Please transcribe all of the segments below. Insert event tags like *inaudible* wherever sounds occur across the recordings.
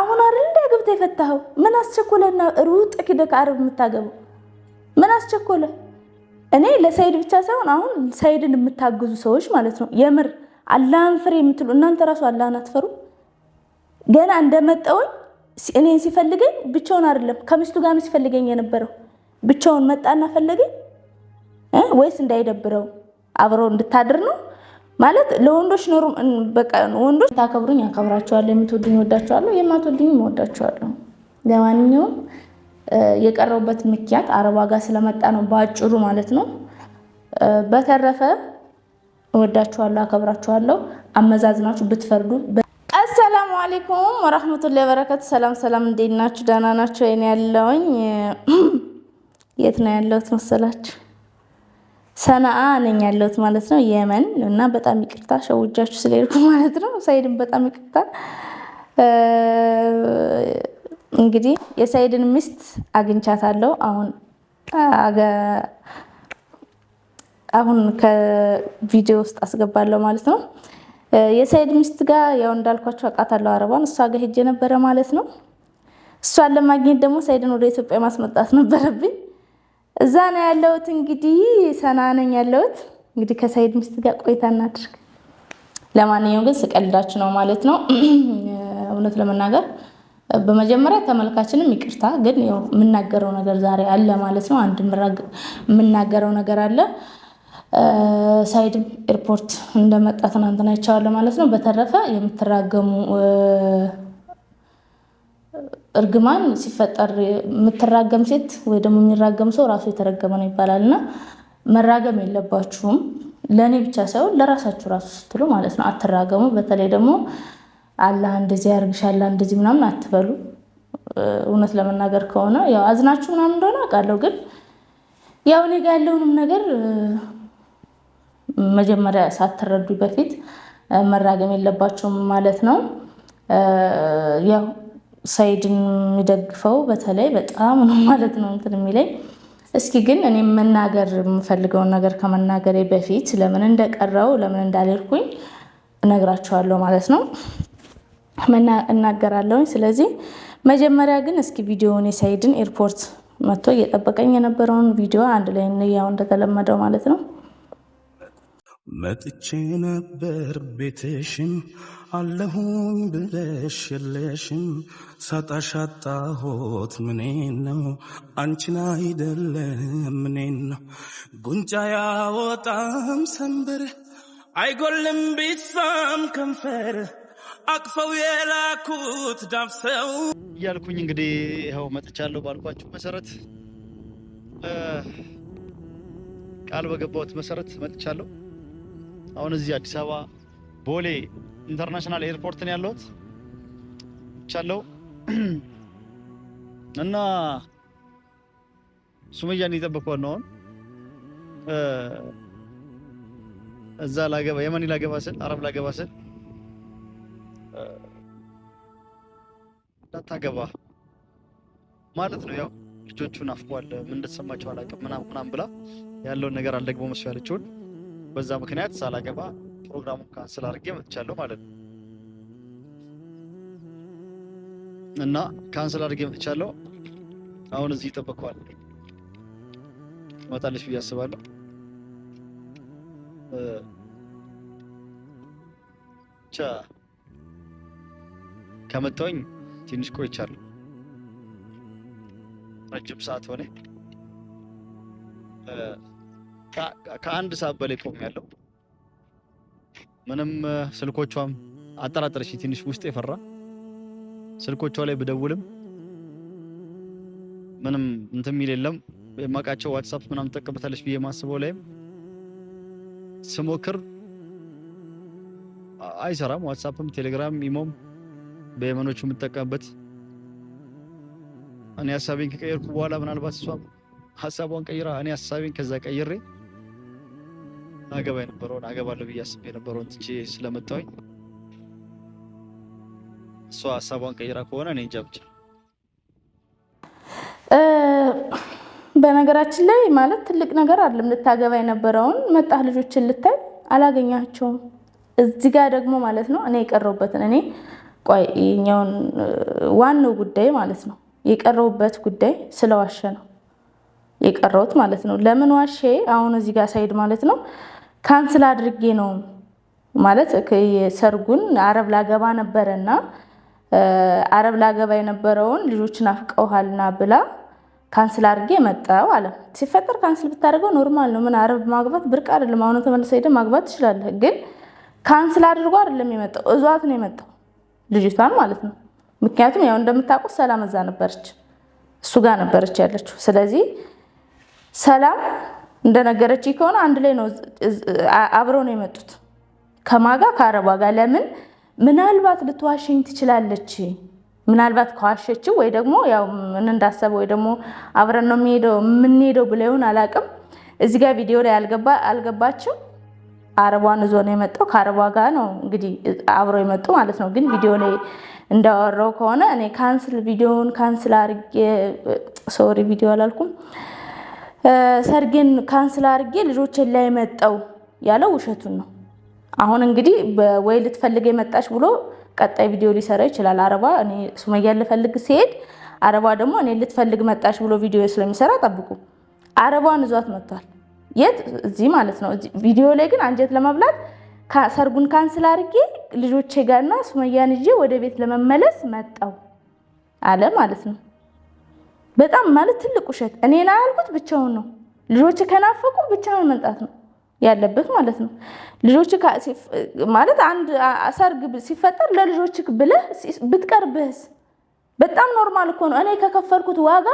አሁን አይደል እንደ ግብታ የፈታኸው? ምን አስቸኮለና ሩጥ ኪደክ አረብ የምታገባው ምን አስቸኮለ? እኔ ለሰይድ ብቻ ሳይሆን አሁን ሰይድን የምታግዙ ሰዎች ማለት ነው የምር አላህን ፍሬ የምትሉ እናንተ ራሱ አላህን አትፈሩ። ገና እንደመጣውኝ እኔን ሲፈልገኝ ብቻውን አይደለም ከሚስቱ ጋር ሲፈልገኝ የነበረው። ብቻውን መጣና ፈለገኝ ወይስ እንዳይደብረው አብረው እንድታድር ነው ማለት ለወንዶች ኖሩ በቃ ወንዶች ታከብሩኝ፣ ያከብራችኋለሁ። የምትወዱኝ ወዳችኋለሁ፣ የማትወዱኝ ወዳችኋለሁ። ለማንኛውም የቀረቡበት ምክንያት አረባ ጋር ስለመጣ ነው በአጭሩ ማለት ነው። በተረፈ እወዳችኋለሁ፣ አከብራችኋለሁ። አመዛዝናችሁ ብትፈርዱ። አሰላሙ አሌይኩም ወራህመቱላሂ ወበረካቱ። ሰላም ሰላም፣ እንዴት ናችሁ? ደህና ናቸው ያለውኝ *clears throat* የት ነው ያለሁት መሰላችሁ? ሰነአ ነኝ ያለሁት ማለት ነው የመን እና በጣም ይቅርታ ሸውጃችሁ ስለሄድኩ *laughs* ማለት ነው። ሳይድን በጣም ይቅርታ። እንግዲህ የሳይድን ሚስት አግኝቻታለሁ። አሁን አሁን ከቪዲዮ ውስጥ አስገባለሁ ማለት ነው። የሳይድ ሚስት ጋር ያው እንዳልኳቸው አውቃታለሁ አረቧን፣ እሷ ጋር ሄጄ ነበረ ማለት ነው። እሷን ለማግኘት ደግሞ ሳይድን ወደ ኢትዮጵያ ማስመጣት ነበረብኝ። እዛ ነው ያለሁት። እንግዲህ ሰና ነኝ ያለሁት። እንግዲህ ከሳይድ ሚስት ጋር ቆይታ እናድርግ። ለማንኛውም ግን ስቀልዳችሁ ነው ማለት ነው። *clears throat* እውነት ለመናገር በመጀመሪያ ተመልካችንም ይቅርታ፣ ግን የምናገረው ነገር ዛሬ አለ ማለት ነው። አንድ የምናገረው ነገር አለ። ሳይድ ኤርፖርት እንደመጣ ትናንትና ይቻዋለ ማለት ነው። በተረፈ የምትራገሙ እርግማን ሲፈጠር የምትራገም ሴት ወይ ደግሞ የሚራገም ሰው ራሱ የተረገመ ነው ይባላል እና መራገም የለባችሁም። ለእኔ ብቻ ሳይሆን ለራሳችሁ ራሱ ስትሉ ማለት ነው። አትራገሙ። በተለይ ደግሞ አላህ እንደዚህ ያርግሻ አላህ እንደዚህ ምናምን አትበሉ። እውነት ለመናገር ከሆነ ያው አዝናችሁ ምናምን እንደሆነ አውቃለሁ፣ ግን ያው እኔ ጋ ያለውንም ነገር መጀመሪያ ሳትረዱ በፊት መራገም የለባችሁም ማለት ነው ያው ሳይድን የሚደግፈው በተለይ በጣም ነው ማለት ነው እንትን የሚለኝ። እስኪ ግን እኔ መናገር የምፈልገውን ነገር ከመናገሬ በፊት ለምን እንደቀረው ለምን እንዳልኩኝ እነግራቸዋለሁ ማለት ነው እናገራለሁኝ። ስለዚህ መጀመሪያ ግን እስኪ ቪዲዮውን የሳይድን ኤርፖርት መጥቶ እየጠበቀኝ የነበረውን ቪዲዮ አንድ ላይ እንያው እንደተለመደው ማለት ነው። መጥቼ ነበር ቤትሽን አለሁኝ ብለሽ የለሽም ሳጣሻጣሁት ምኔ ነው አንቺን አይደለም ምኔ ነው ጉንጫ ያወጣም ሰንበር አይጎልም ቢሳም ከንፈር አቅፈው የላኩት ዳብሰው እያልኩኝ እንግዲህ ይኸው መጥቻለሁ። ባልኳችሁ መሰረት ቃል በገባሁት መሰረት መጥቻለሁ። አሁን እዚህ አዲስ አበባ ቦሌ ኢንተርናሽናል ኤርፖርት ነው ያለሁት ቻለው *clears throat* እና ሱመያን እየጠበቅኳት ነው አሁን። እዛ ላገባ የመኒ ላገባ ስል አረብ ላገባ ስል እንዳታገባ ማለት ነው። ያው ልጆቹን አፍቋል ምን እንደተሰማቸው አላውቅም ምናምን ምናምን ብላ ያለውን ነገር አልደግሞ መስሎ ያለችውን በዛ ምክንያት ሳላገባ ፕሮግራሙን ካንስል አድርጌ መጥቻለሁ ማለት ነው እና ካንስል አድርጌ መጥቻለሁ። አሁን እዚህ ይጠበቀዋል ትመጣለች ብዬ አስባለሁ። ቻ ከመጣሁኝ ትንሽ ቆይቻለሁ። ረጅም ሰዓት ሆነ። ከአንድ ሰዓት በላይ ቆሜያለሁ። ምንም ስልኮቿም አጠራጠረች። ትንሽ ውስጥ የፈራ ስልኮቿ ላይ ብደውልም ምንም እንትን የሚል የለም። የማውቃቸው ዋትሳፕ ምናምን ትጠቀምበታለች ብዬ ማስበው ላይም ስሞክር አይሰራም። ዋትሳፕም፣ ቴሌግራም፣ ኢሞም በየመኖቹ የምጠቀምበት እኔ ሀሳቤን ከቀየርኩ በኋላ ምናልባት እሷም ሀሳቧን ቀይራ እኔ ሀሳቤን ከዛ ቀይሬ አገባ የነበረውን አገባለሁ ብዬ አስቤ የነበረውን ትቼ ስለመጣሁኝ እሷ ሀሳቧን ቀይራ ከሆነ እኔ እንጃ ብቻ። በነገራችን ላይ ማለት ትልቅ ነገር አይደለም። ልታገባ የነበረውን መጣህ፣ ልጆችን ልታይ አላገኛቸውም። እዚህ ጋር ደግሞ ማለት ነው እኔ የቀረውበትን እኔ ቆይኛውን ዋናው ጉዳይ ማለት ነው የቀረውበት ጉዳይ ስለዋሸ ነው የቀረውት ማለት ነው። ለምን ዋሼ? አሁን እዚህ ጋር ሳይድ ማለት ነው ካንስል አድርጌ ነው ማለት ሰርጉን አረብ ላገባ ነበረና አረብ ላገባ የነበረውን ልጆችን አፍቀውሃልና ብላ ካንስል አድርጌ መጣው አለ። ሲፈጠር ካንስል ብታደርገው ኖርማል ነው። ምን አረብ ማግባት ብርቅ አይደለም። አሁን ተመልሰህ ሄደህ ማግባት ትችላለህ። ግን ካንስል አድርጎ አይደለም የመጣው እዟት ነው የመጣው ልጅቷን ማለት ነው። ምክንያቱም ያው እንደምታውቁት ሰላም እዛ ነበረች፣ እሱ ጋር ነበረች ያለችው። ስለዚህ ሰላም እንደነገረች ከሆነ አንድ ላይ ነው አብረው ነው የመጡት ከማጋ ከአረቧ ጋር። ለምን ምናልባት ልትዋሸኝ ትችላለች። ምናልባት ከዋሸችው ወይ ደግሞ ያው ምን እንዳሰበ ወይ ደግሞ አብረን ነው የምንሄደው የምንሄደው ብለውን አላውቅም። እዚህ ጋር ቪዲዮ ላይ አልገባችም። አረቧን እዞ ነው የመጣው። ከአረቧ ጋር ነው እንግዲህ አብሮ የመጡ ማለት ነው። ግን ቪዲዮ ላይ እንዳወራው ከሆነ እኔ ካንስል ቪዲዮውን ካንስል አድርጌ ሶሪ ቪዲዮ አላልኩም ሰርጌን ካንስል አድርጌ ልጆችን ላይ መጠው ያለው ውሸቱን ነው። አሁን እንግዲህ ወይ ልትፈልግ የመጣች ብሎ ቀጣይ ቪዲዮ ሊሰራ ይችላል። አረባ እኔ ሱመያ ልፈልግ ሲሄድ አረባ ደግሞ እኔ ልትፈልግ መጣች ብሎ ቪዲዮ ስለሚሰራ ጠብቁ። አረባን እዟት መጥቷል። የት እዚህ ማለት ነው። ቪዲዮ ላይ ግን አንጀት ለመብላት ሰርጉን ካንስል አድርጌ ልጆቼ ጋርና ሱመያን ይዤ ወደ ቤት ለመመለስ መጣው አለ ማለት ነው። በጣም ማለት ትልቅ ውሸት እኔ ላይ ያልኩት ብቻውን ነው። ልጆች ከናፈቁ ብቻውን መምጣት ነው ያለበት ማለት ነው። ልጆች ማለት አንድ ሰርግ ሲፈጠር ለልጆች ብለህ ብትቀርብህስ በጣም ኖርማል እኮ ነው። እኔ ከከፈልኩት ዋጋ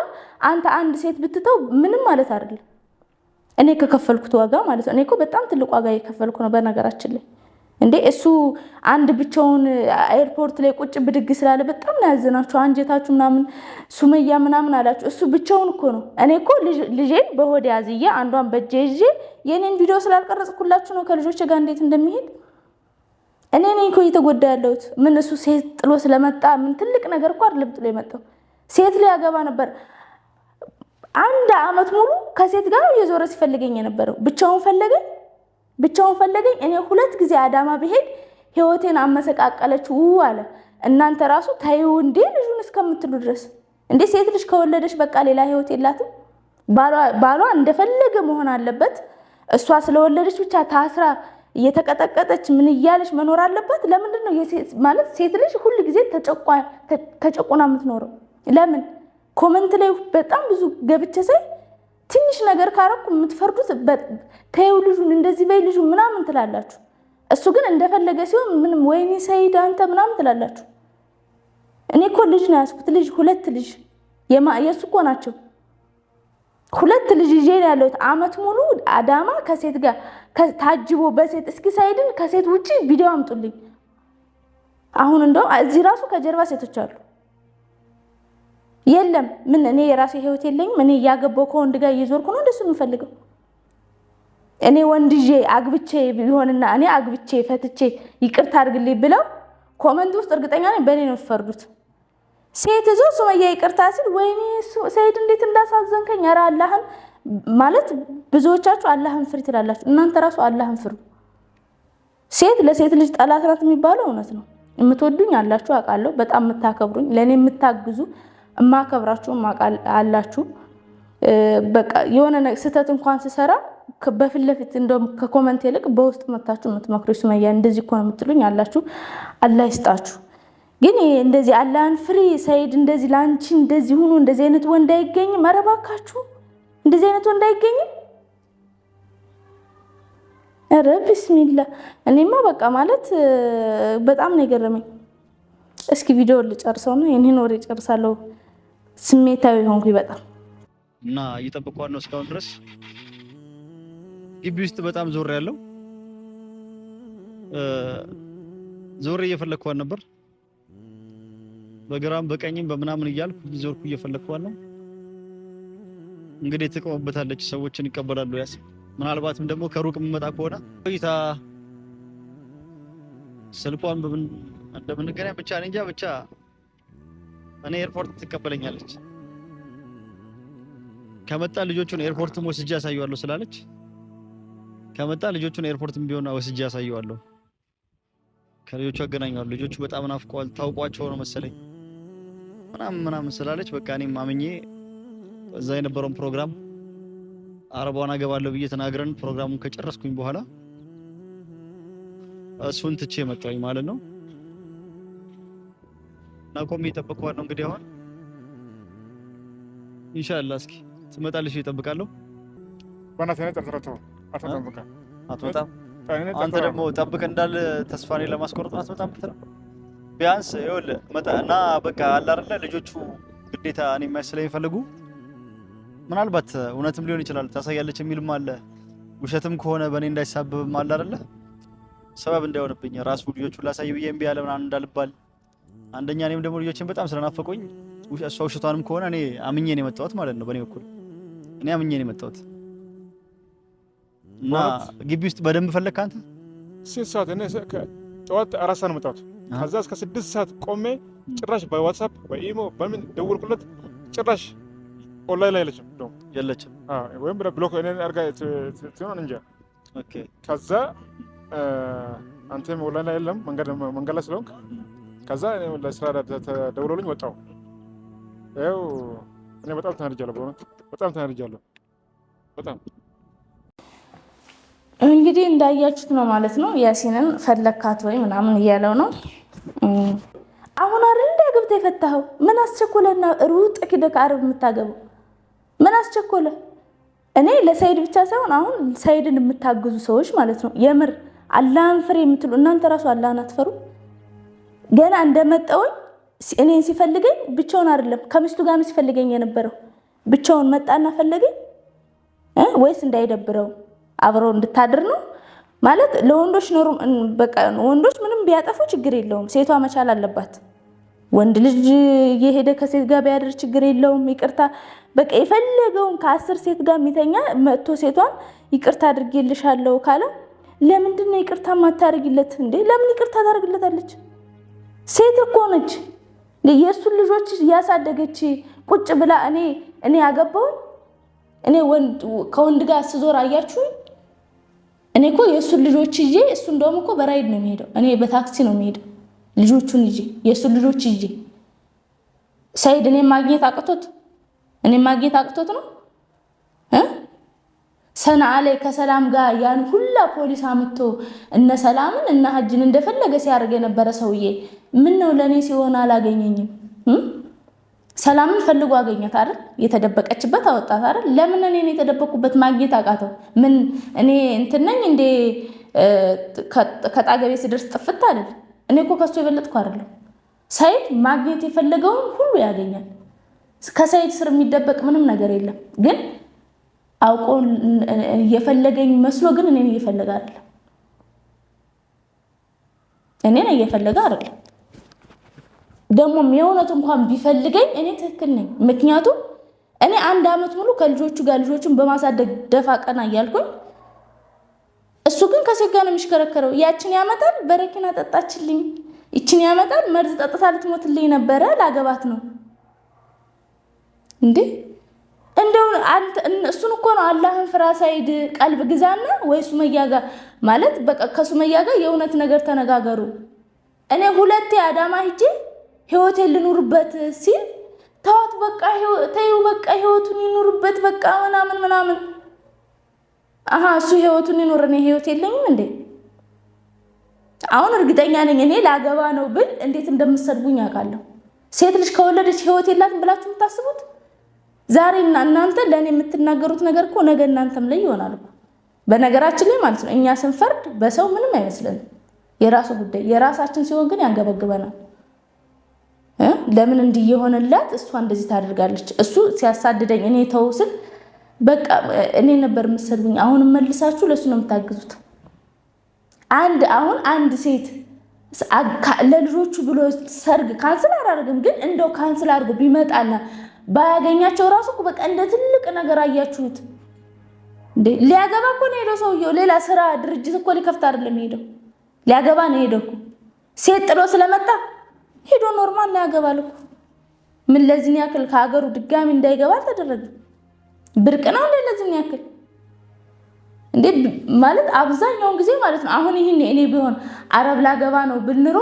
አንተ አንድ ሴት ብትተው ምንም ማለት አይደለም። እኔ ከከፈልኩት ዋጋ ማለት ነው። እኔ እኮ በጣም ትልቅ ዋጋ የከፈልኩ ነው በነገራችን ላይ እንዴ እሱ አንድ ብቻውን ኤርፖርት ላይ ቁጭ ብድግ ስላለ በጣም ነው ያዘናችሁ። አንጀታችሁ ምናምን ሱመያ ምናምን አላችሁ። እሱ ብቻውን እኮ ነው። እኔ እኮ ልጄን በሆድ ያዝዬ አንዷን በእጄ ይዤ የእኔን ቪዲዮ ስላልቀረጽኩላችሁ ነው ከልጆች ጋር እንዴት እንደሚሄድ እኔ ነኝ እኮ እየተጎዳ ያለሁት። ምን እሱ ሴት ጥሎ ስለመጣ ምን ትልቅ ነገር እኮ አይደለም ጥሎ የመጣው ሴት ላይ ያገባ ነበር። አንድ አመት ሙሉ ከሴት ጋር እየዞረ ሲፈልገኝ የነበረው ብቻውን ፈለገኝ ብቻውን ፈለገኝ። እኔ ሁለት ጊዜ አዳማ ብሄድ ህይወቴን አመሰቃቀለች ው አለ። እናንተ ራሱ ታይው እንዴ ልጁን እስከምትሉ ድረስ እንዴ ሴት ልጅ ከወለደች በቃ ሌላ ህይወት የላትም። ባሏ እንደፈለገ መሆን አለበት። እሷ ስለወለደች ብቻ ታስራ እየተቀጠቀጠች ምን እያለች መኖር አለባት? ለምንድን ነው ማለት ሴት ልጅ ሁል ጊዜ ተጨቁና የምትኖረው? ለምን ኮመንት ላይ በጣም ብዙ ገብቼ ሳይ ትንሽ ነገር ካረኩ የምትፈርዱት ተይው ልጁን እንደዚህ በይ ልጁን ምናምን ትላላችሁ። እሱ ግን እንደፈለገ ሲሆን ምንም ወይኔ ሰይድ አንተ ምናምን ትላላችሁ። እኔ እኮ ልጅ ነው ያዝኩት፣ ልጅ ሁለት ልጅ የእሱ እኮ ናቸው። ሁለት ልጅ ይዤ ነው ያለሁት። አመት ሙሉ አዳማ ከሴት ጋር ታጅቦ በሴት እስኪ ሳይድን ከሴት ውጭ ቪዲዮ አምጡልኝ። አሁን እንደውም እዚህ ራሱ ከጀርባ ሴቶች አሉ። የለም ምን እኔ የራሴ ህይወት የለኝም። እኔ እያገባው ከወንድ ጋር እየዞርኩ ነው እንደሱ የምፈልገው። እኔ ወንድዬ አግብቼ ቢሆንና እኔ አግብቼ ፈትቼ ይቅርታ አድርግልኝ ብለው ኮመንት ውስጥ እርግጠኛ ነኝ በእኔ ነው ፈርዱት። ሴት እዞ ሱመያ ይቅርታ ሲል ወይኔ ሰይድ እንዴት እንዳሳዘንከኝ፣ ኧረ አላህን ማለት ብዙዎቻችሁ አላህን ፍሪ ትላላችሁ። እናንተ ራሱ አላህን ፍሩ። ሴት ለሴት ልጅ ጠላት ናት የሚባለው እውነት ነው። የምትወዱኝ አላችሁ አውቃለሁ። በጣም የምታከብሩኝ፣ ለእኔ የምታግዙ እማከብራችሁ አላችሁ። በቃ የሆነ ስህተት እንኳን ስሰራ በፊት ለፊት እንደውም ከኮመንት ይልቅ በውስጥ መታችሁ የምትመክሩ ሱመያ እንደዚህ እኮ ነው የምትሉኝ አላችሁ። አላህ ይስጣችሁ። ግን እንደዚህ አላህን ፍሪ ሰይድ፣ እንደዚህ ለአንቺ እንደዚህ ሁኑ፣ እንደዚህ አይነት ወንድ አይገኝም። ኧረ እባካችሁ እንደዚህ አይነት ወንድ አይገኝም። ኧረ ቢስሚላ። እኔማ በቃ ማለት በጣም ነው የገረመኝ። እስኪ ቪዲዮ ነው ይህንን ወሬ ጨርሳለሁ። ስሜታዊ ሆንኩ በጣም እና እየጠበቅኳት ነው እስካሁን ድረስ ግቢ ውስጥ በጣም ዞር ያለው ዞር እየፈለግኳት ነበር። በግራም በቀኝም በምናምን እያልኩ ዞርኩ እየፈለግኳት ነው። እንግዲህ ትቆምበታለች፣ ሰዎችን ይቀበላሉ። ያስ ምናልባትም ደግሞ ከሩቅ የምመጣ ከሆነ ቆይታ ስልኳን እንደምንገናኝ ብቻ እንጃ ብቻ እኔ ኤርፖርት ትቀበለኛለች ከመጣ ልጆቹን ኤርፖርት ወስጄ ያሳየዋለሁ ስላለች ከመጣ ልጆቹን ኤርፖርትም ቢሆን ወስጄ ያሳየዋለሁ። ከልጆቹ አገናኘዋለሁ። ልጆቹ በጣም ናፍቀዋል፣ ታውቋቸው ነው መሰለኝ ምናምን ምናምን ስላለች በቃ እኔም አምኜ እዛ የነበረውን ፕሮግራም አረቧን አገባለሁ ብዬ ተናግረን ፕሮግራሙን ከጨረስኩኝ በኋላ እሱን ትቼ መጣኝ ማለት ነው። ናቆም እየጠበቀዋል ነው እንግዲህ አሁን ኢንሻአላህ እስኪ ትመጣለሽ እየጠብቃለሁ በእናትህ እኔ ጠርጥረው አንተ ደግሞ ጠብቀህ እንዳል ተስፋ እኔ ለማስቆረጥ አትመጣም ብትለው ቢያንስ ይኸውልህ እና በቃ አለ አይደለ ልጆቹ ግዴታ እኔ ማየት ስለሚፈልጉ ምናልባት እውነትም ሊሆን ይችላል ታሳያለች የሚልም አለ ውሸትም ከሆነ በእኔ እንዳይሳብብም አለ አይደለ ሰበብ እንዳይሆንብኝ ራሱ ልጆቹ ላሳይ ብዬ እምቢ አለ ምናምን እንዳልባል አንደኛ እኔም ደግሞ ልጆችን በጣም ስለናፈቁኝ እሷ ውሸቷንም ከሆነ እኔ አምኜ ነው የመጣሁት ማለት ነው። በእኔ በኩል እኔ አምኜ ነው የመጣሁት እና ግቢ ውስጥ በደንብ ፈለግክ አንተ። ስንት ሰዓት? እኔ ጠዋት አራት ሰዓት ነው የመጣሁት። ከዛ እስከ ስድስት ሰዓት ቆሜ ጭራሽ በዋትሳፕ በኢሞ በምን ደውልኩለት ጭራሽ ኦንላይን ላይ የለችም የለችም፣ ወይም ብሎክ አድርጋ ትሆን እንጃ። ከዛ አንተም ኦንላይን ላይ የለም መንገድ ላይ ስለሆንክ ከዛ ለስራ ተደውሎልኝ ወጣሁ። ያው እኔ በጣም ተናድጃለሁ፣ በእውነት በጣም ተናድጃለሁ። በጣም እንግዲህ እንዳያችሁት ነው ማለት ነው። ያሲንን ፈለግካት ወይ ምናምን እያለው ነው። አሁን አይደል እንደ ገብተህ የፈታኸው? ምን አስቸኮለና ሩጥ ሂደህ አረብ የምታገባው ምን አስቸኮለ? እኔ ለሰይድ ብቻ ሳይሆን አሁን ሰይድን የምታግዙ ሰዎች ማለት ነው የምር አላህን ፍሬ የምትሉ እናንተ ራሱ አላህን አትፈሩ ገና እንደመጣውኝ እኔን ሲፈልገኝ ብቻውን አይደለም ከሚስቱ ጋር ነው ሲፈልገኝ የነበረው። ብቻውን መጣና ፈለገኝ ወይስ እንዳይደብረው አብረው እንድታድር ነው ማለት ለወንዶች ኖሩ። በቃ ወንዶች ምንም ቢያጠፉ ችግር የለውም፣ ሴቷ መቻል አለባት። ወንድ ልጅ እየሄደ ከሴት ጋር ቢያድር ችግር የለውም። ይቅርታ በቃ የፈለገውን ከአስር ሴት ጋር የሚተኛ መጥቶ ሴቷን ይቅርታ አድርጌልሻለሁ ካለ ለምንድን ይቅርታ ማታደርግለት እንዴ? ለምን ይቅርታ ታደርግለታለች? ሴት እኮ ነች የእሱን ልጆች እያሳደገች ቁጭ ብላ እኔ እኔ ያገባው እኔ ከወንድ ጋር ስዞር አያችሁኝ። እኔ እኮ የእሱን ልጆች ይዤ እሱ እንደውም እኮ በራይድ ነው የሚሄደው፣ እኔ በታክሲ ነው የሚሄደው ልጆቹን ይዤ የእሱን ልጆች ይዤ ሰይድ እኔ ማግኘት አቅቶት እኔ ማግኘት አቅቶት ነው ሰንዓ ላይ ከሰላም ጋር ያን ሁላ ፖሊስ አምቶ እነ ሰላምን እነ ሀጅን እንደፈለገ ሲያደርግ የነበረ ሰውዬ ምን ነው ለእኔ ሲሆን አላገኘኝም? ሰላምን ፈልጎ አገኘት አይደል? የተደበቀችበት አወጣት አይደል? ለምን እኔን የተደበቁበት ማግኘት አቃተው? ምን እኔ እንትነኝ እንዴ? ከጣገቤ ስደርስ ጥፍት አይደል? እኔ እኮ ከሱ የበለጥኩ አይደለም። ሰይድ ማግኘት የፈለገውን ሁሉ ያገኛል። ከሰይድ ስር የሚደበቅ ምንም ነገር የለም ግን አውቆ እየፈለገኝ መስሎ ግን እኔን እየፈለገ አይደለም። እኔን እየፈለገ አይደለም። ደግሞ የእውነት እንኳን ቢፈልገኝ እኔ ትክክል ነኝ። ምክንያቱም እኔ አንድ ዓመት ሙሉ ከልጆቹ ጋር ልጆቹን በማሳደግ ደፋ ቀና እያልኩኝ እሱ ግን ከሴት ጋር ነው የሚሽከረከረው። ያችን ያመጣል፣ በረኪና ጠጣችልኝ፣ ይችን ያመጣል፣ መርዝ ጠጥታ ልትሞትልኝ ነበረ፣ ላገባት ነው እንዴ እንደው እሱን እኮ ነው አላህን ፍራ ሳይድ ቀልብ ግዛና ወይ ሱመያ ጋር ማለት በቃ ከሱመያ ጋር የእውነት ነገር ተነጋገሩ። እኔ ሁለቴ አዳማ ሂጄ ህይወቴን ልኑርበት ሲል ተዋት በቃ ተይው በቃ ህይወቱን ይኑርበት በቃ ምናምን ምናምን። አሀ እሱ ህይወቱን ይኑር፣ እኔ ህይወት የለኝም እንዴ? አሁን እርግጠኛ ነኝ እኔ ላገባ ነው ብል እንዴት እንደምሰድቡኝ አውቃለሁ። ሴት ልጅ ከወለደች ህይወት የላትም ብላችሁ የምታስቡት ዛሬ እናንተ ለእኔ የምትናገሩት ነገር እኮ ነገ እናንተም ላይ ይሆናል። በነገራችን ላይ ማለት ነው እኛ ስንፈርድ በሰው ምንም አይመስልም። የራሱ ጉዳይ። የራሳችን ሲሆን ግን ያንገበግበናል። ለምን እንዲህ የሆነላት እሷ እንደዚህ ታደርጋለች? እሱ ሲያሳድደኝ እኔ ተው ስል በቃ እኔ ነበር የምትሰድቡኝ። አሁን መልሳችሁ ለእሱ ነው የምታግዙት። አንድ አሁን አንድ ሴት ለልጆቹ ብሎ ሰርግ ካንስል አላደርግም፣ ግን እንደው ካንስል አድርጎ ቢመጣና ባያገኛቸው ራሱ በቃ እንደ ትልቅ ነገር አያችሁት። ሊያገባ እኮ ነው ሄደው ሰውየው። ሌላ ስራ ድርጅት እኮ ሊከፍት አይደለም ሄደው፣ ሊያገባ ነው ሄደው እኮ። ሴት ጥሎ ስለመጣ ሄዶ ኖርማል ነው ያገባል እኮ። ምን ለዚህን ያክል ከሀገሩ ድጋሚ እንዳይገባ አልተደረገ። ብርቅ ነው እንደ ለዚህን ያክል እንዴ ማለት አብዛኛውን ጊዜ ማለት ነው። አሁን ይህን እኔ ቢሆን አረብ ላገባ ነው ብንሮ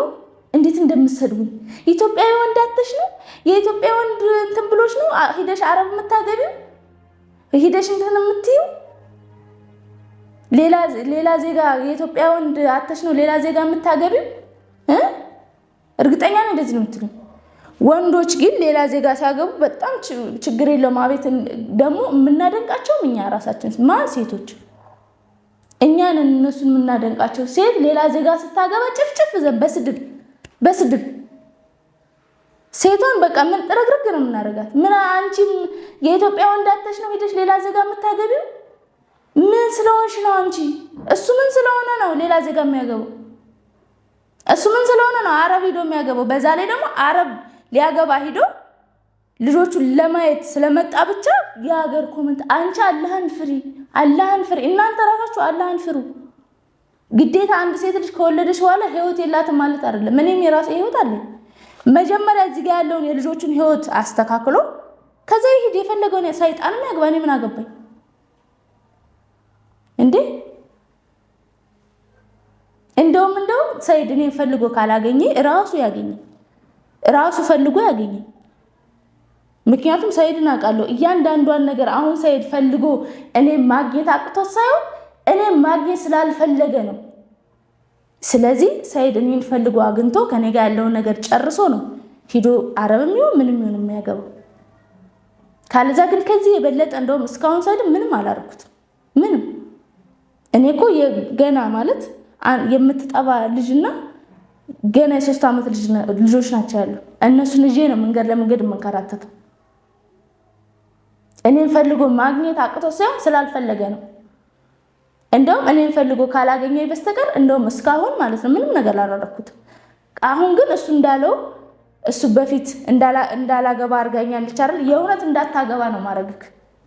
እንዴት እንደምሰድቡኝ ኢትዮጵያዊ ወንድ አተሽ ነው የኢትዮጵያ ወንድ እንትን ብሎች ነው ሂደሽ አረብ የምታገቢው ሂደሽ እንትን የምትይው ሌላ ዜጋ የኢትዮጵያ ወንድ አተሽ ነው ሌላ ዜጋ የምታገቢው እርግጠኛ ነው እንደዚህ ነው የምትሉ ወንዶች ግን ሌላ ዜጋ ሲያገቡ በጣም ችግር የለውም አቤት ደግሞ የምናደንቃቸውም እኛ ራሳችን ማን ሴቶች እኛን እነሱን የምናደንቃቸው ሴት ሌላ ዜጋ ስታገባ ጭፍጭፍ ዘን በስድብ በስድብ ሴቷን በቃ ምን ጥረግርግ ነው የምናደርጋት? ምን አንቺም የኢትዮጵያ ወንድ ነው ሄደሽ ሌላ ዜጋ የምታገቢው? ምን ስለሆንሽ ነው አንቺ? እሱ ምን ስለሆነ ነው ሌላ ዜጋ የሚያገባው? እሱ ምን ስለሆነ ነው አረብ ሂዶ የሚያገባው? በዛ ላይ ደግሞ አረብ ሊያገባ ሂዶ ልጆቹን ለማየት ስለመጣ ብቻ የሀገር ኮመንት። አንቺ አላህን ፍሪ፣ አላህን ፍሪ። እናንተ ራሳችሁ አላህን ፍሩ። ግዴታ አንድ ሴት ልጅ ከወለደች በኋላ ህይወት የላትም ማለት አይደለም። እኔም የራሴ ህይወት አለኝ። መጀመሪያ እዚህ ጋ ያለውን የልጆችን ህይወት አስተካክሎ ከዛ ይሄድ የፈለገውን ሰይጣንም ያግባኔ ምን አገባኝ እንዴ? እንደውም እንደውም ሰይድ እኔ ፈልጎ ካላገኘ ራሱ ያገኘ ራሱ ፈልጎ ያገኘ። ምክንያቱም ሰይድን አውቃለሁ እያንዳንዷን ነገር። አሁን ሰይድ ፈልጎ እኔ ማግኘት አቅቶት ሳይሆን እኔ ማግኘት ስላልፈለገ ነው። ስለዚህ ሳይድ እኔን ፈልጎ አግኝቶ ከኔ ጋር ያለውን ነገር ጨርሶ ነው ሂዶ አረብም ይሁን ምንም ይሁን የሚያገባው። ካለዛ ግን ከዚህ የበለጠ እንደውም እስካሁን ሳይድ ምንም አላደርኩትም። ምንም እኔ እኮ ገና ማለት የምትጠባ ልጅና ገና የሶስት ዓመት ልጆች ናቸው ያሉ። እነሱን ይዤ ነው መንገድ ለመንገድ የምንከራተተው። እኔን ፈልጎ ማግኘት አቅቶ ሳይሆን ስላልፈለገ ነው። እንደውም እኔን ፈልጎ ካላገኘኝ በስተቀር እንደውም እስካሁን ማለት ነው ምንም ነገር አላደረኩትም። አሁን ግን እሱ እንዳለው እሱ በፊት እንዳላገባ አድርጋኛለች አይደል? የእውነት እንዳታገባ ነው ማድረግክ።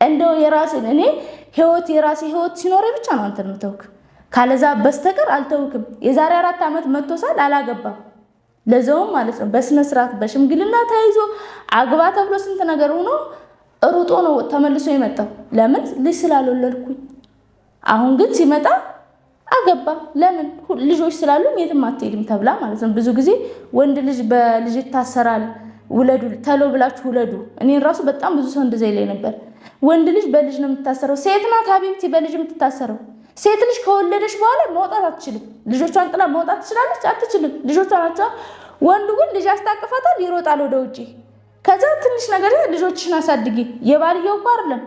እንደው የራስን እኔ ህይወት የራሴ ህይወት ሲኖረ ብቻ ነው አንተን ምተውክ፣ ካለዛ በስተቀር አልተውክም። የዛሬ አራት ዓመት መቶ ሳል አላገባም፣ ለዛውም ማለት ነው በስነስርዓት በሽምግልና ተይዞ አግባ ተብሎ ስንት ነገር ሆኖ ሩጦ ነው ተመልሶ የመጣው። ለምን ልጅ ስላልወለድኩኝ አሁን ግን ሲመጣ አገባ። ለምን ልጆች ስላሉ የትም አትሄድም ተብላ ማለት ነው። ብዙ ጊዜ ወንድ ልጅ በልጅ ይታሰራል። ውለዱ ተሎ ብላችሁ ውለዱ። እኔን ራሱ በጣም ብዙ ሰው እንደዛ ይለኝ ነበር። ወንድ ልጅ በልጅ ነው የምትታሰረው። ሴት ናት ሀቢብቲ በልጅ የምትታሰረው። ሴት ልጅ ከወለደች በኋላ መውጣት አትችልም። ልጆቿን ጥላ መውጣት ትችላለች? አትችልም። ልጆቿ ናቸዋ። ወንዱ ግን ልጅ ያስታቅፋታል፣ ይሮጣል ወደ ውጭ። ከዛ ትንሽ ነገር ልጆችሽን አሳድጊ የባልየው እኮ አይደለም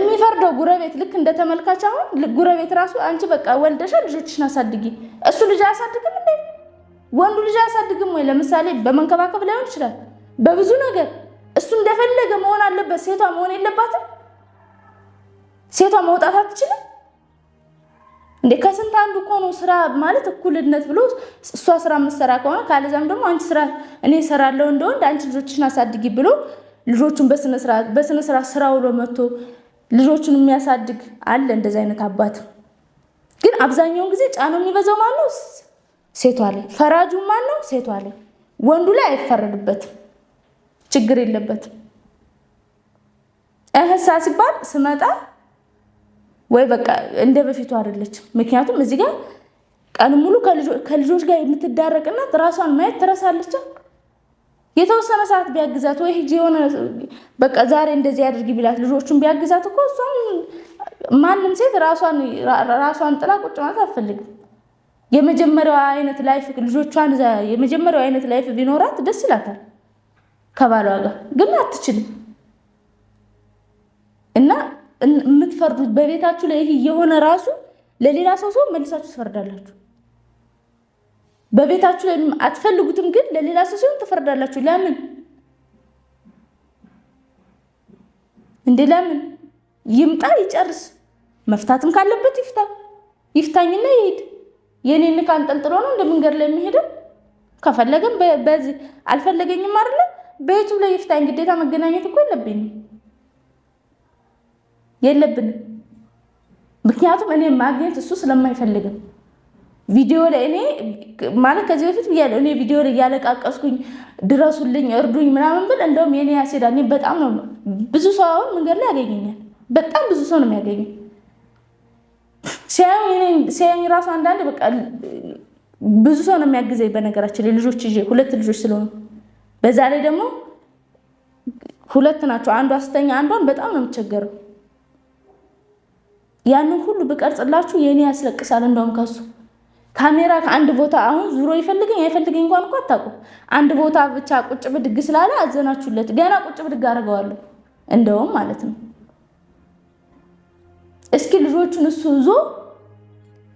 የሚፈርደው ጉረቤት ልክ እንደ ተመልካች አሁን ጉረቤት ራሱ አንቺ በቃ ወልደሻ ልጆችሽን አሳድጊ እሱ ልጅ አያሳድግም እንዴ ወንዱ ልጅ አያሳድግም ወይ ለምሳሌ በመንከባከብ ላይሆን ይችላል በብዙ ነገር እሱ እንደፈለገ መሆን አለበት ሴቷ መሆን የለባትም ሴቷ መውጣት አትችልም እንዴ ከስንት አንዱ እኮ ነው ስራ ማለት እኩልነት ብሎ እሷ ስራ የምትሰራ ከሆነ ካለዛም ደግሞ አንቺ ስራ እኔ እሰራለሁ እንደወንድ አንቺ ልጆችሽን አሳድጊ ብሎ ልጆቹን በስነስርዓት ስራ ውሎ መጥቶ ልጆቹን የሚያሳድግ አለ እንደዚህ አይነት አባት። ግን አብዛኛውን ጊዜ ጫናው የሚበዛው ማን ነው? ሴቷ ላይ። ፈራጁ ማን ነው? ሴቷ ላይ። ወንዱ ላይ አይፈረድበትም፣ ችግር የለበትም። እህሳ ሲባል ስመጣ ወይ በቃ እንደ በፊቱ አይደለችም። ምክንያቱም እዚህ ጋር ቀን ሙሉ ከልጆች ጋር የምትዳረቅ ራሷን ማየት ትረሳለች። የተወሰነ ሰዓት ቢያግዛት ወይ ሂጂ የሆነ በቃ ዛሬ እንደዚህ ያድርጊ ቢላት ልጆቹን ቢያግዛት እኮ እሷም ማንም ሴት ራሷን ጥላ ቁጭ ማለት አትፈልግም። የመጀመሪያው አይነት ላይፍ ልጆቿን የመጀመሪያው አይነት ላይፍ ቢኖራት ደስ ይላታል ከባሏ ጋር ግን አትችልም። እና የምትፈርዱት በቤታችሁ ላይ ይህ የሆነ ራሱ ለሌላ ሰው ሰው መልሳችሁ ትፈርዳላችሁ። በቤታችሁ ላይ አትፈልጉትም፣ ግን ለሌላ ሰው ሲሆን ትፈርዳላችሁ። ለምን እንዴ? ለምን ይምጣ ይጨርስ። መፍታትም ካለበት ይፍታ። ይፍታኝና ይሄድ። የኔን ዕቃ አንጠልጥሎ ነው እንደ መንገድ ላይ የሚሄደው። ከፈለገም በዚህ አልፈለገኝም አይደለ? በቤቱ ላይ ይፍታኝ። ግዴታ መገናኘት እኮ የለብኝም የለብንም። ምክንያቱም እኔ ማግኘት እሱ ስለማይፈልግም ቪዲዮ ላይ እኔ ማለት ከዚህ በፊት ብያለሁ። እኔ ቪዲዮ ላይ እያለቃቀስኩኝ ድረሱልኝ፣ እርዱኝ ምናምን ብል እንደውም የኔ ያሴዳ እኔ በጣም ነው ብዙ ሰው አሁን መንገድ ላይ ያገኘኛል። በጣም ብዙ ሰው ነው የሚያገኝ ሲያዩኝ ራሱ አንዳንድ በቃ ብዙ ሰው ነው የሚያግዘኝ። በነገራችን ላይ ልጆች ይዤ ሁለት ልጆች ስለሆኑ በዛ ላይ ደግሞ ሁለት ናቸው። አንዷ አስተኛ አንዷን በጣም ነው የምቸገረው። ያንን ሁሉ ብቀርጽላችሁ የእኔ ያስለቅሳል እንደውም ከሱ ካሜራ ከአንድ ቦታ አሁን ዙሮ ይፈልገኝ አይፈልገኝ እንኳን እኮ አታውቁም። አንድ ቦታ ብቻ ቁጭ ብድግ ስላለ አዘናችሁለት። ገና ቁጭ ብድግ አድርገዋለሁ እንደውም ማለት ነው። እስኪ ልጆቹን እሱ ይዞ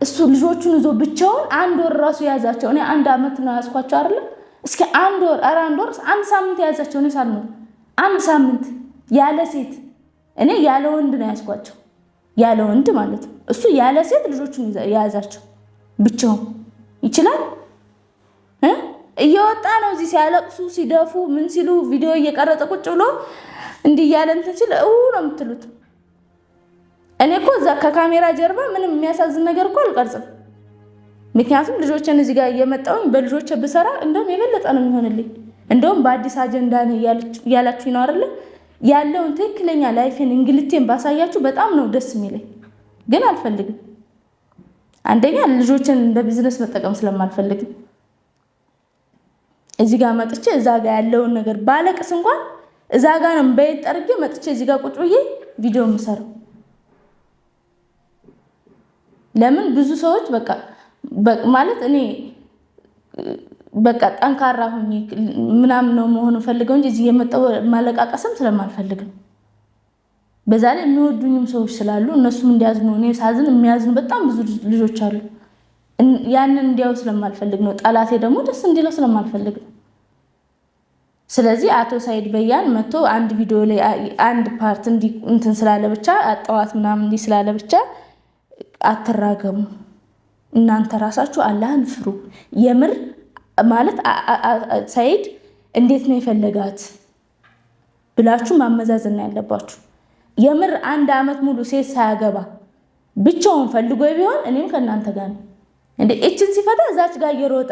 እሱ ልጆቹን ይዞ ብቻውን አንድ ወር ራሱ የያዛቸው እኔ አንድ አመት ነው ያዝኳቸው አይደለም። እስኪ አንድ ወር ኧረ አንድ ወር አንድ ሳምንት የያዛቸው እኔ ሳልሞት አንድ ሳምንት ያለ ሴት እኔ ያለ ወንድ ነው ያዝኳቸው ያለ ወንድ ማለት ነው። እሱ ያለ ሴት ልጆቹን የያዛቸው ብቻው ይችላል። እየወጣ ነው እዚህ ሲያለቅሱ ሲደፉ ምን ሲሉ ቪዲዮ እየቀረጠ ቁጭ ብሎ እንዲህ እያለ እንትን ሲል እው ነው የምትሉት። እኔ እኮ እዛ ከካሜራ ጀርባ ምንም የሚያሳዝን ነገር እኮ አልቀርጽም። ምክንያቱም ልጆችን እዚህ ጋር እየመጣሁኝ በልጆች ብሰራ እንደውም የበለጠ ነው የሚሆንልኝ። እንደውም በአዲስ አጀንዳ ነው እያላችሁ ነው አይደለ? ያለውን ትክክለኛ ላይፌን እንግልቴን ባሳያችሁ በጣም ነው ደስ የሚለኝ፣ ግን አልፈልግም አንደኛ ልጆችን በቢዝነስ መጠቀም ስለማልፈልግ እዚህ ጋር መጥቼ እዛ ጋር ያለውን ነገር ባለቅስ እንኳን እዛ ጋር ነው በየት ጠርጌ መጥቼ እዚህ ጋር ቁጭ ብዬ ቪዲዮ የምሰራው። ለምን ብዙ ሰዎች በቃ ማለት እኔ በቃ ጠንካራ ሁኜ ምናምን ነው መሆኑ ፈልገው እንጂ እዚህ የመጣው ማለቃቀስም ስለማልፈልግ ነው። በዛ ላይ የሚወዱኝም ሰዎች ስላሉ እነሱም እንዲያዝኑ እኔ ሳዝን የሚያዝኑ በጣም ብዙ ልጆች አሉ። ያንን እንዲያው ስለማልፈልግ ነው። ጠላቴ ደግሞ ደስ እንዲለው ስለማልፈልግ ነው። ስለዚህ አቶ ሳይድ በያን መጥቶ አንድ ቪዲዮ ላይ አንድ ፓርት እንትን ስላለ ብቻ አጠዋት ምናምን እንዲህ ስላለ ብቻ አትራገሙ። እናንተ ራሳችሁ አላህን ፍሩ። የምር ማለት ሳይድ እንዴት ነው የፈለጋት ብላችሁ ማመዛዘን ያለባችሁ የምር አንድ ዓመት ሙሉ ሴት ሳያገባ ብቻውን ፈልጎ ቢሆን እኔም ከእናንተ ጋር ነው። እንደ እችን ሲፈታ እዛች ጋር እየሮጠ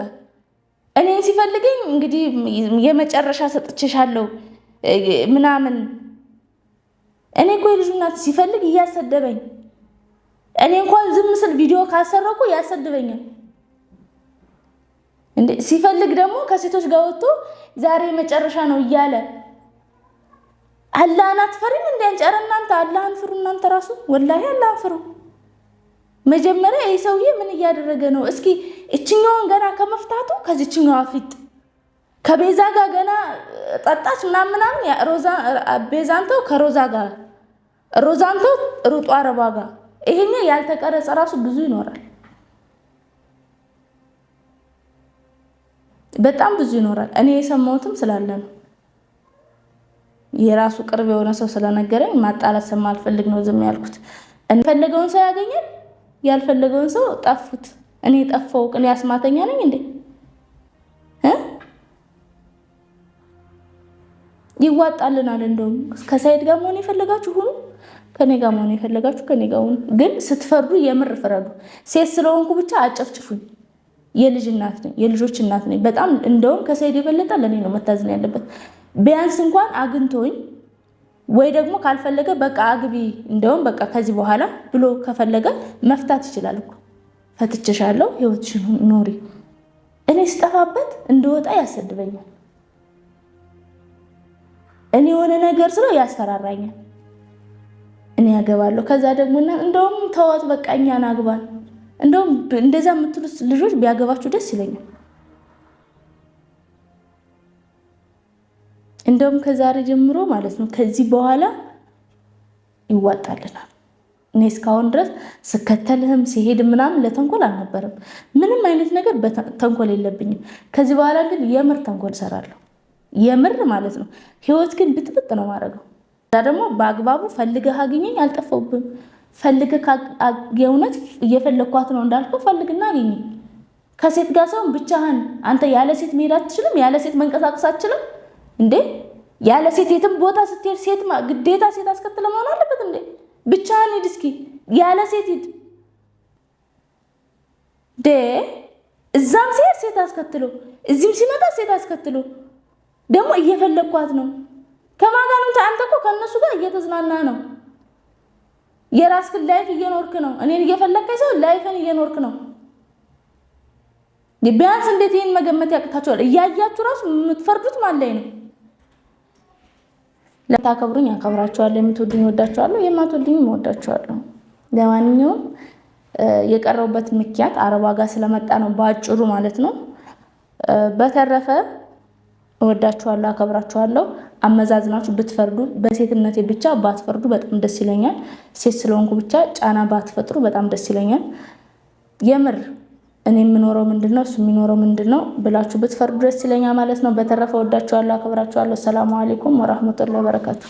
እኔን ሲፈልገኝ እንግዲህ የመጨረሻ ሰጥቼሻለሁ ምናምን። እኔ እኮ የልጁ እናት ሲፈልግ እያሰደበኝ፣ እኔ እንኳን ዝም ስል ቪዲዮ ካሰረኩ ያሰድበኛል። ሲፈልግ ደግሞ ከሴቶች ጋር ወጥቶ ዛሬ መጨረሻ ነው እያለ አላህን አትፈሪም? እንዲያንጨረ እናንተ አላህን ፍሩ። እናንተ ራሱ ወላሂ አላህን ፍሩ። መጀመሪያ ይህ ሰውዬ ምን እያደረገ ነው? እስኪ እችኛውን ገና ከመፍታቱ ከዚችኛዋ ፊት ከቤዛ ጋር ገና ጠጣች ምናምናም ቤዛንተው ከሮዛ ጋር ሮዛንተው ሩጧ አረባ ጋር ይሄኛ ያልተቀረጸ ራሱ ብዙ ይኖራል። በጣም ብዙ ይኖራል። እኔ የሰማሁትም ስላለ ነው። የራሱ ቅርብ የሆነ ሰው ስለነገረኝ ማጣላት ስለማልፈልግ ነው ዝም ያልኩት። ፈለገውን ሰው ያገኛል፣ ያልፈለገውን ሰው ጠፉት። እኔ ጠፋው ቅን አስማተኛ ነኝ እንዴ? ይዋጣልናል። እንደውም ከሳይድ ጋር መሆን የፈለጋችሁ ሁኑ፣ ከኔ ጋር መሆን የፈለጋችሁ ከኔ ጋር ሁኑ። ግን ስትፈርዱ የምር ፍረዱ። ሴት ስለሆንኩ ብቻ አጨፍጭፉኝ። የልጅ እናት ነኝ፣ የልጆች እናት ነኝ። በጣም እንደውም ከሳይድ የበለጠ ለእኔ ነው መታዘን ያለበት። ቢያንስ እንኳን አግኝቶኝ ወይ ደግሞ ካልፈለገ በቃ አግቢ እንደውም በቃ ከዚህ በኋላ ብሎ ከፈለገ መፍታት ይችላል እኮ ፈትቼሻለሁ፣ ህይወትሽን ኑሪ። እኔ ስጠፋበት እንደወጣ ያሰድበኛል። እኔ የሆነ ነገር ስለው ያስፈራራኛል። እኔ ያገባለሁ። ከዛ ደግሞ እንደውም ተዋት በቃ እኛን አግባን። እንደውም እንደዛ የምትሉት ልጆች ቢያገባችሁ ደስ ይለኛል። እንደውም ከዛሬ ጀምሮ ማለት ነው ከዚህ በኋላ ይዋጣልናል። እኔ እስካሁን ድረስ ስከተልህም ሲሄድ ምናምን ለተንኮል አልነበረም። ምንም አይነት ነገር ተንኮል የለብኝም። ከዚህ በኋላ ግን የምር ተንኮል እሰራለሁ፣ የምር ማለት ነው። ህይወት ግን ብጥብጥ ነው ማድረገው። እዛ ደግሞ በአግባቡ ፈልገህ አግኘኝ፣ አልጠፋሁብም። ፈልገህ የእውነት እየፈለግኳት ነው እንዳልከው ፈልግና አግኘኝ። ከሴት ጋር ሰውን ብቻህን አንተ ያለ ሴት መሄድ አትችልም፣ ያለ ሴት መንቀሳቀስ አትችልም። እንዴ ያለ ሴት የትም ቦታ ስትሄድ ሴት ግዴታ ሴት አስከትለ መሆን አለበት እንዴ? ብቻህን ሂድ እስኪ ያለ ሴት ሂድ ደ እዛም ሲሄድ ሴት አስከትሎ እዚህም ሲመጣ ሴት አስከትሎ ደግሞ እየፈለግኳት ነው ከማጋንም አንተ እኮ ከእነሱ ጋር እየተዝናና ነው። የራስክን ላይፍ እየኖርክ ነው። እኔን እየፈለግከኝ ሰው ላይፍን እየኖርክ ነው። ቢያንስ እንዴት ይህን መገመት ያቅታችኋል? እያያችሁ ራሱ የምትፈርዱት ማለኝ ነው። ለምታከብሩኝ አከብራችኋለሁ፣ የምትወዱኝ ወዳችኋለሁ፣ የማትወዱኝ ወዳችኋለሁ። ለማንኛውም የቀረውበት ምክንያት አረብ ዋጋ ስለመጣ ነው፣ በአጭሩ ማለት ነው። በተረፈ እወዳችኋለሁ፣ አከብራችኋለሁ። አመዛዝናችሁ ብትፈርዱ፣ በሴትነቴ ብቻ ባትፈርዱ በጣም ደስ ይለኛል። ሴት ስለሆንኩ ብቻ ጫና ባትፈጥሩ በጣም ደስ ይለኛል የምር እኔ የምኖረው ምንድን ነው እሱ የሚኖረው ምንድን ነው ብላችሁ ብትፈርዱ ደስ ይለኛል ማለት ነው። በተረፈ ወዳችኋለሁ፣ አክብራችኋለሁ። ሰላሙ አሌይኩም ወራህመቱላ በረካቱ